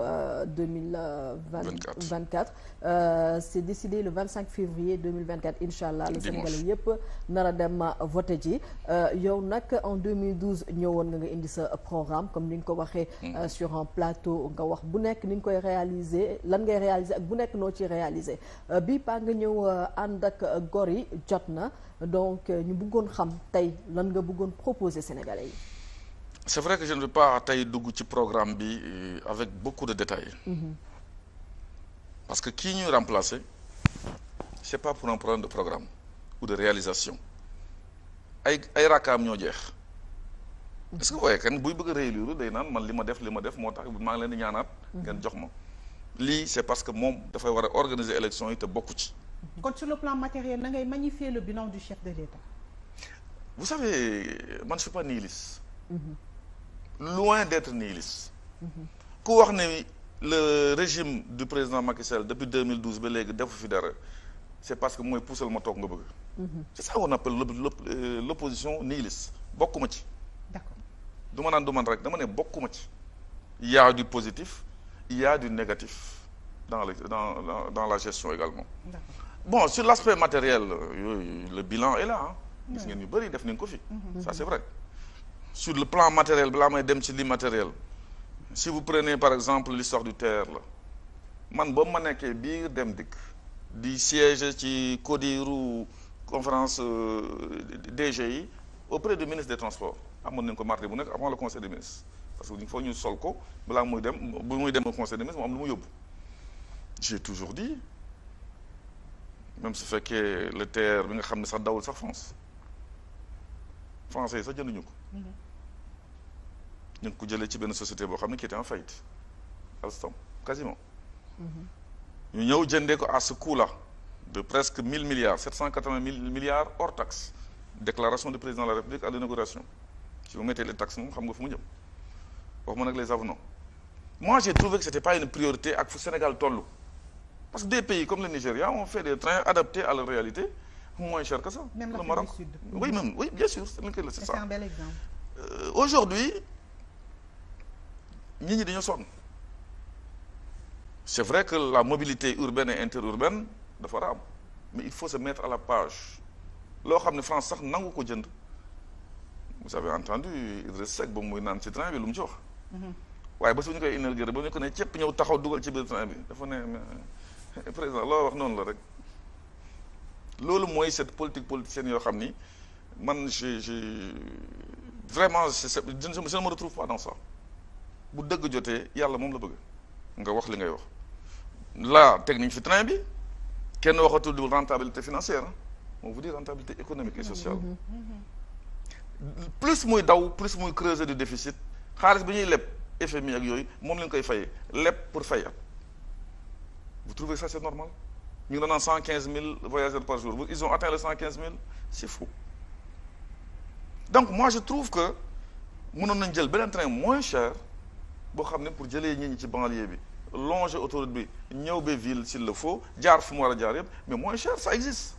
Euh, deux mille vingt quatre euh, c'est décidé le vingt cinq février deux mille vingt quatre incha allah le Sénégalais yëpp nar a dem euh, voté ji yow nag en 2012 ñëwoon nga nga indi sa programme comme ni nga ko waxee mm. sur un plateau nga wax bu nekk ni nga koy réaliser lan ngay réaliser ak bu nekk noo ci réaliser bii paa nga ñëw ànd ak gor yi jot na donc ñu bëggoon xam tey lan nga bëggoon proposer Sénégalais yi c'est vrai que je ne veux pas tey dugg ci programme bi euh, avec beaucoup de détails mhm. parce que kii ñuy remplacer c'est pas pour un problème de programme ou de réalisation ay ay rakkaam ñoo jeex est-ce que waaye kan buy bëgg a réélire day naan man li ma def li ma def moo tax maa ngi leen di ñaanaat mhm. ngeen jox ma lii c'est parce que moom dafay war a organiser élection yi te bokku ci mhm. kon sur le plan matériel na ngay magnifier le bilan du chef de l'État vous savez man je loin d'être nihiliste ku wax ne le régime du président Macky Sall depuis 2012 ba léegi defu fi dara c'est parce que mooy puusal ma toog nga bëgg c'est ça qu'on appelle euh, l'opposition nihiliste bokkuma ci d'accord du ma naan du rek dama ne bokkuma ci il y a du positif il y du négatif dans le dans dans la gestion également bon sur l'aspect matériel euh, le bilan est là gis ngeen ñu bëri def nañ ko fi mhm. ça c'est vrai sur le plan matériel balaa may dem ci li matériel si vous prenez par exemple l'histoire du TER la man boobu ma nekkee biir dem dikk di siège ci CODIRU conférence euh, DG yi près de ministre des transports amoon nañu ko mardi bu nekk avant le conseil des ministres parce que il ñu sol ko balaa muy dem bu muy dem au conseil des ministres mu am lu mu yóbbu j'ai toujours di même su fekkee le TER bi nga xam ne sax dawul sax France français yi sax jënduñu ko mm-hmm. ñu ngi ko ci benn société boo xam ne qui était en faillite Alstom quasiment mm-hmm. ñu ñëw jëndee ko à ce coût là de presque mille milliards sept cent quatre-vingt mille milliards hors taxe déclaration du président de la République à l'inauguration si vous mettez les taxes moom xam nga fu mu jëm wax ma nag les avenants moi j'ai trouvé que c'était pas une priorité ak fu Sénégal toll parce que des pays comme le Nigeria ont fait des trains adaptés à leur réalité moins cher que ça même le Maroc oui même oui bien nit ñi dañoo sonn c'est vrai que la mobilité urbaine et interurbaine dafa war am mais il faut se mettre à la page loo xam ne France sax nangu ko jënd vous avez entendu Idriss Seck ba muy naan ci train bi lu mu jo wax. Mm-hmm. waaye ba su ñu koy inauguré ba ko ne cëpp ñëw taxaw dugal ci biir train bi dafa ne eh, président loo wax noonu la rek loolu mooy cette politique politicienne yoo xam ni man je je vraiment je je ne retrouve pas dans bu dëgg jotee yàlla moom la bëgg nga wax li ngay wax la teg nañ fi train bi kenn waxatul du rentabilité financière on vous dit rentabilité économique et sociale mm-hmm. Mm-hmm. plus muy daw plus muy creuser du déficit xaalis bi ñuy leb FMI ak yooyu moom lañ koy fayee leb pour fay at vous trouvez ça c'est normal ñu ngi naan cent quinze mille voyageurs par jour ils ont atteint les cent quinze mille c'est fou donc moi je trouve que mënoon nañ jël beneen train moins cher boo xam ne pour jëlee ñit ñi ci banlieue bi longer autoroute bi ñëw ba ville s'il le faut jaar fu mu war a jaar yëpp mais moins cher ça existe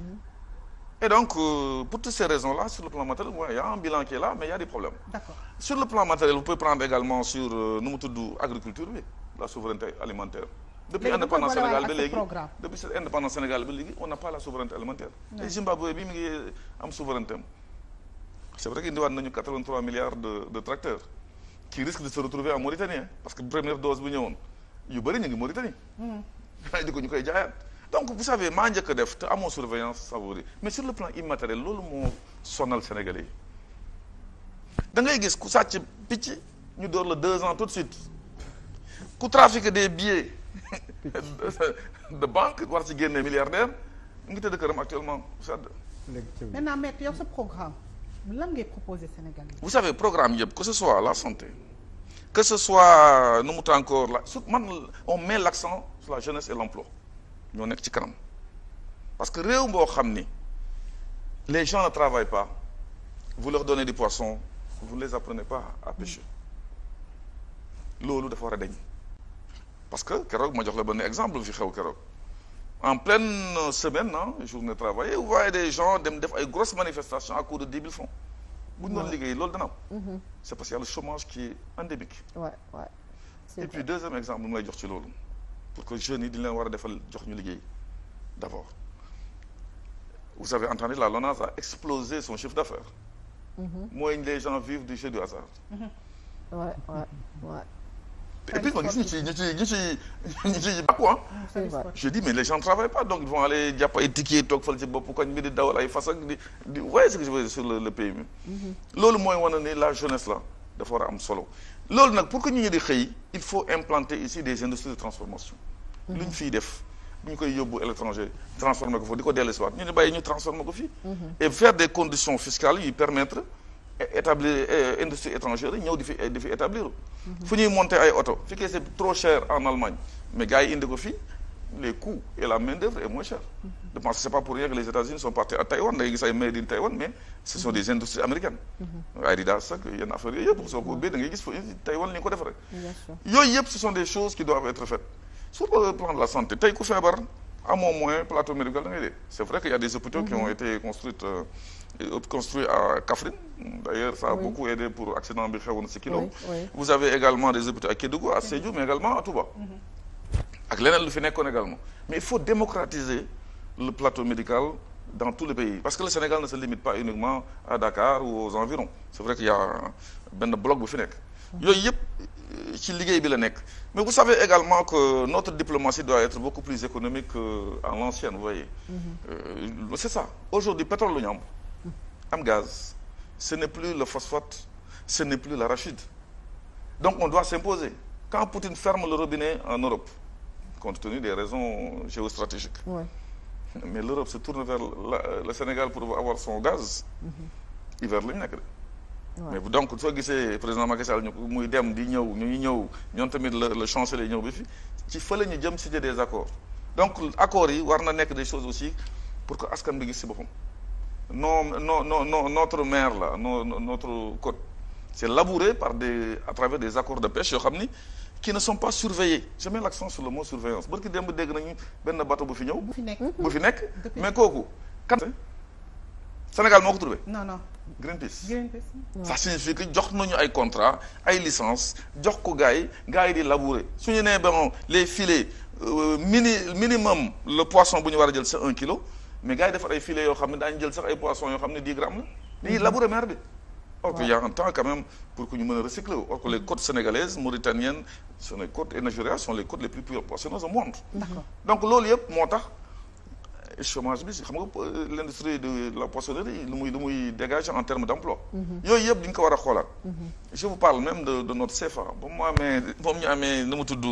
mm-hmm. et donc euh, pour toutes ces raisons là sur le plan matériel ouais, il y a un bilan qui est là mais il y a des problèmes d'accord sur le plan matériel vous pouvez prendre également sur euh, nu mu tudd agriculture bi la souveraineté alimentaire depuis indépendance Sénégal ba léegi depuis cette indépendance Sénégal ba léegi on n'a pas la souveraineté alimentaire et Zimbabwe bi mi ngi am souveraineté am c'est vrai que indiwaat nañu 83 de de tracteurs qui risque de se retrouver en Mauritanie parce que première dose bu ñëwoon yu bëri ñu ngi Mauritanie. Hmm. ay di ko ñu koy jaayaat. donc vous savez maa njëkk a def te amoo surveillance savouré mais sur le plan immatériel loolu moo sonal Sénégalais yi da ngay gis ku sàcc picc ñu door la deux ans tout de suite ku trafiqué des billets de banque war ci génne milliardaire ngi tëdd këram actuellement. maintenant maître yow sa programme. lan ngay proposer Sénégalais vous savez programme yëpp que ce soit la santé que ce soit euh, nu mu encore la su man on met l'accent sur la jeunesse et l'emploi ñoo nekk ci kanam parce que réew mboo xam ni les gens ne travaillent pas vous leur donnez du poisson vous ne les apprenez pas à pêcher loolu dafa war a deñ parce que keroog ma jox la benn exemple fi xew keroog. en pleine euh, semaine ah journée travaillée vous voyez des gens dem def ay grosses manifestations à coût de dix mille francs bu ñu doon liggéey loolu dana mhm. a le chômage qui est endémique. Ouais, ouais. et puis deuxième exemple mu lay jox ci loolu pour que jeunes yi di leen war a defal jox ñu liggéey d'abord vous avez entendu la LONASE a explosé son chiffre d'affaires. mooy mm -hmm. les gens vivent du jeu du hasard. Mm -hmm. Et puis, ñu ciy ñu ciy ñu ciy ñu ciy bàkku ah. je dis mais les gens ne travaillent pas donc ils vont aller jàpp ay ticket toog fal ci la jeunesse la dafa a am solo. loolu nag pour que ñu ngi di il faut implanter ici des industries de transformation. Mm-hmm. lu ñu fiy def bu ñu koy yóbbu à l'étranger transformer ko foofu di ko dellusiwaat ñu ne bàyyi ñu transformer ko fii. Mm-hmm. et faire des conditions fiscales yuy permettre. établir euh, industrie étrangère yi ñëw di fi di fi établir ay oto fekkee c'est trop cher en Allemagne mais gars yi indi ko fii la main d'œuvre est moins chère mm-hmm. je pense que c'est rien que les États-Unis sont partis à Taïwan da ngay gis ay made in Taïwan mais ce sont mm-hmm. des industries américaines mm-hmm. Adidas sax yenn affaires yooyu yëpp soo ko ubbee da ngay gis li ko defaree yooyu yëpp ce sont des choses qui doivent être faites sur le plan de la santé tey à mon moyen plateau médical da ngay dee c'est vrai qu'il y a des hôpitaux qui ont mhm. été construites euh, construits à Kaffrine d'ailleurs ça a beaucoup aidé pour accident bi xewoon si Kilom vous avez également des hôpitaux à Kédougou à Sédhiou mais également à Touba mhm. ak leneen lu fi nekkoon également mais il faut démocratiser le plateau médical dans tou le pays parce que le Sénégal ne se limite pas uniquement à Dakar ou aux environs c'est vrai y a benn bloc bu fi nekk yooyu yëpp euh, ci liggéey bi la nekk mais vous savez également que notre diplomatie doit être beaucoup plus économique qu'en euh, l'ancienne vous voyez mm-hmm. euh, c'est ça aujourd'hui pétrole lu ñu am am gaz ce n'est plus le phosphate ce n'est plus l'arachide donc on doit s'imposer quand Poutine ferme le robinet en Europe compte tenu des résons géostratégiques ouais. mais l'Europe se tourne vers la, euh, le Sénégal pour avoir son gaz mm-hmm. hiver la ñu nekk mais donc soo gisee président Macky Sall ñu muy dem di ñëw ñuy ñëw ñoontamit tamit la le chancelier ñëw bi fi ci fële ñu jëm signer des accords donc accords yi war na nekk des choses aussi pour que askan bi gis si boppam non no non non notre mer la no notre côte c'est labouré par de à travers des accords de pêche yoo xam ni qui ne sont pas surveillés je mets l'accent sur le mot surveillance bërki démb dégg nañu benn bateau bu fi ñëw bu fi nekk mais kooku kan Sénégal moo ko trouvé non non Greenpeace. Greenpeace ouais. ça jox nañu ay contrat ay licence jox ko gars yi gars yi di labourer su ñu nee ba moom les filets euh, mini minimum le poisson bu ñu war a jël c'est un kilo mais gars yi defar ay filets yoo xam ne daañu jël sax ay poissons yoo xam ne dii grammes la dañuy mm-hmm. labourer mer bi. or que temps quand même pour que ñu mën a recycler or que les mm-hmm. côtes sénégalaises mauritaniennes sont les côtes et nigériennes sont les côtes les plus poissonneuses au monde. d'accord donc loolu moo tax. chômage bi si xam nga euh, l'industrie de la poissonnerie lu muy lu muy dégager en termes d'emploi yooyu yëpp di nga ko war a xoolaat je vous parle même de de notre CFA ba mu amee moom ñu amee nu mu tudd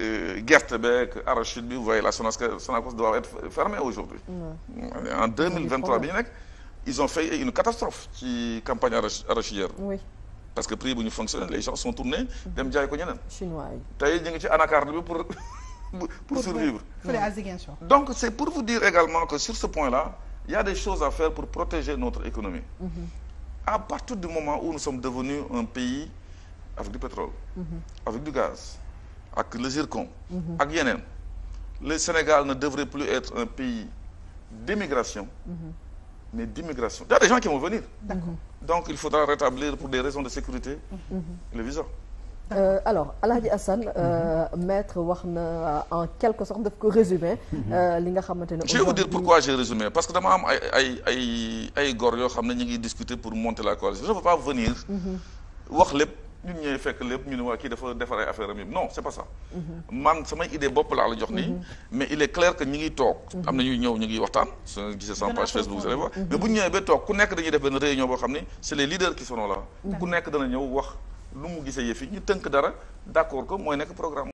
euh, gerte beeg arachide bi vous voyez la Sonacos Sonacos doit être fermée aujourd'hui en 2023 bi ñu nekk ils ont fait une catastrophe ci campagne arachidière oui parce que prix bu ñu fonctionne les gens sont tournés mm-hmm. dem jaay ko ñeneen chinois yi tey ñu ngi ci anacarde bi pour pour survivre donc c'est pour vous dire également que sur ce point-là il y a des choses à faire pour protéger notre économie mm-hmm. à partir du moment où nous sommes devenus un pays avec du pétrole mm-hmm. avec du gaz ak le zircon mm-hmm. ak yeneen le Sénégal ne devrait être un pays d'immigration mais d'immigration y a des gens qui vont venir donc il faudra rétablir pour des raisons de sécurité les visas a euh, Alhaji Assane euh, mhm. maître wax na euh, en quelque sorte daf ko résumé. Mhm. li nga xamante ne. je parce que dama am ay ay yoo xam ne ñu ngi discuter pour monter la coalition je ne venir. Mhm. wax lépp ñun ñooy fekk lépp ñu ne waa kii dafa defar ay affaire am yëpp non c'est pas ça. man samay idée bopp laa la jox nii. mais il est clair que ñu ngi toog. am na ñuy ñëw ñu ngi waxtaan. su ngeen sama page Facebook mais bu ñu ñëwee ba toog ku nekk dañuy def benn réunion boo lu mu gisee yëf yi ñu tënk dara d'accord ko mooy nekk programme